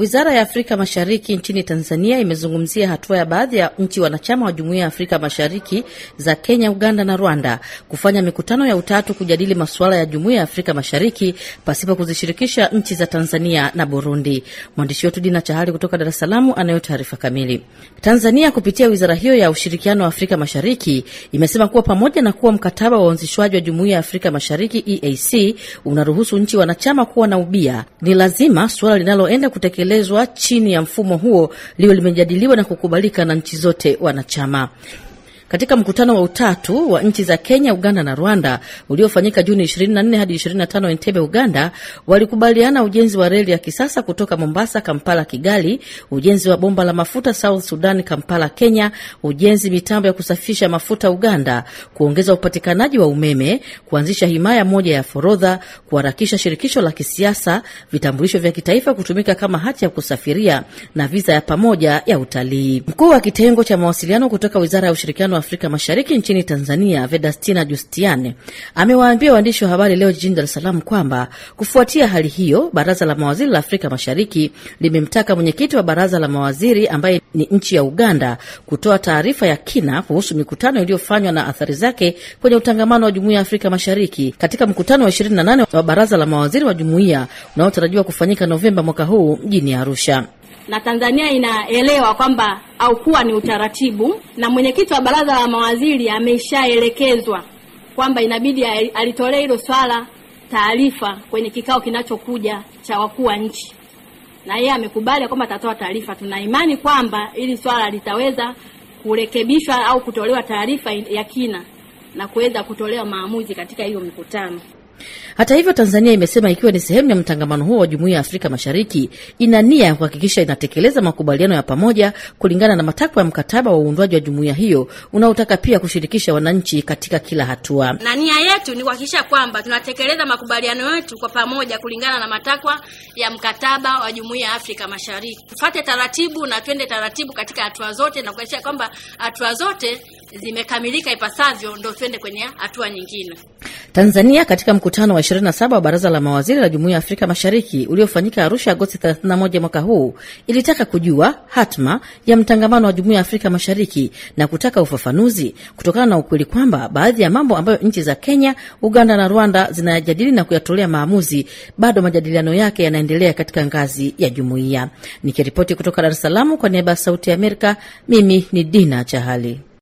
Wizara ya Afrika Mashariki nchini Tanzania imezungumzia hatua ya baadhi ya nchi wanachama wa Jumuiya ya Afrika Mashariki za Kenya, Uganda na Rwanda kufanya mikutano ya utatu kujadili masuala ya Jumuiya ya Afrika Mashariki pasipo kuzishirikisha nchi za Tanzania na Burundi. Mwandishi wetu Dina Chahali kutoka Dar es Salaam anayo taarifa kamili. Tanzania kupitia wizara hiyo ya ushirikiano wa Afrika Mashariki imesema kuwa pamoja na kuwa mkataba wa uanzishwaji wa Jumuiya ya Afrika Mashariki EAC unaruhusu nchi wanachama kuwa na ubia, ni lazima suala linaloenda kutekelezwa kutekelezwa chini ya mfumo huo liwe limejadiliwa na kukubalika na nchi zote wanachama katika mkutano wa utatu wa nchi za Kenya, Uganda na Rwanda uliofanyika Juni 24 hadi 25 Entebbe, Uganda, walikubaliana ujenzi wa reli ya kisasa kutoka Mombasa, Kampala, Kigali, ujenzi wa bomba la mafuta South Sudan, Kampala, Kenya, ujenzi mitambo ya kusafisha mafuta Uganda, kuongeza upatikanaji wa umeme, kuanzisha himaya moja ya forodha, kuharakisha shirikisho la kisiasa, vitambulisho vya kitaifa kutumika kama hati ya kusafiria na viza ya pamoja ya utalii. Mkuu wa kitengo cha mawasiliano kutoka wizara ya ushirikiano Afrika Mashariki nchini Tanzania, Vedastina Justiane amewaambia waandishi wa habari leo jijini Dar es Salaam kwamba kufuatia hali hiyo, baraza la mawaziri la Afrika Mashariki limemtaka mwenyekiti wa baraza la mawaziri ambaye ni nchi ya Uganda kutoa taarifa ya kina kuhusu mikutano iliyofanywa na athari zake kwenye utangamano wa jumuiya ya Afrika Mashariki katika mkutano wa 28 wa baraza la mawaziri wa jumuiya unaotarajiwa kufanyika Novemba mwaka huu mjini Arusha. Na Tanzania inaelewa kwamba au kuwa ni utaratibu, na mwenyekiti wa baraza la mawaziri ameshaelekezwa kwamba inabidi alitolee hilo swala taarifa kwenye kikao kinachokuja cha wakuu wa nchi, na yeye amekubali kwamba atatoa taarifa. Tuna imani kwamba hili swala litaweza kurekebishwa au kutolewa taarifa ya kina na kuweza kutolewa maamuzi katika hiyo mikutano. Hata hivyo, Tanzania imesema ikiwa ni sehemu ya mtangamano huo wa Jumuiya ya Afrika Mashariki ina nia ya kuhakikisha inatekeleza makubaliano ya pamoja kulingana na matakwa ya mkataba wa uundwaji wa jumuiya hiyo unaotaka pia kushirikisha wananchi katika kila hatua. Na nia yetu ni kuhakikisha kwamba tunatekeleza makubaliano yetu kwa pamoja kulingana na matakwa ya mkataba wa Jumuiya ya Afrika Mashariki. Tufate taratibu na twende taratibu katika hatua zote na kuhakikisha kwamba hatua zote zimekamilika ipasavyo, ndo twende kwenye hatua nyingine. Tanzania katika mkutano wa 27 wa baraza la mawaziri la jumuiya ya Afrika Mashariki uliofanyika Arusha Agosti 31 mwaka huu ilitaka kujua hatma ya mtangamano wa jumuiya ya Afrika Mashariki na kutaka ufafanuzi kutokana na ukweli kwamba baadhi ya mambo ambayo nchi za Kenya, Uganda na Rwanda zinayajadili na kuyatolea maamuzi bado majadiliano yake yanaendelea katika ngazi ya jumuiya. Nikiripoti kutoka Dar es Salaam kwa niaba ya Sauti ya Amerika, mimi ni Dina Chahali.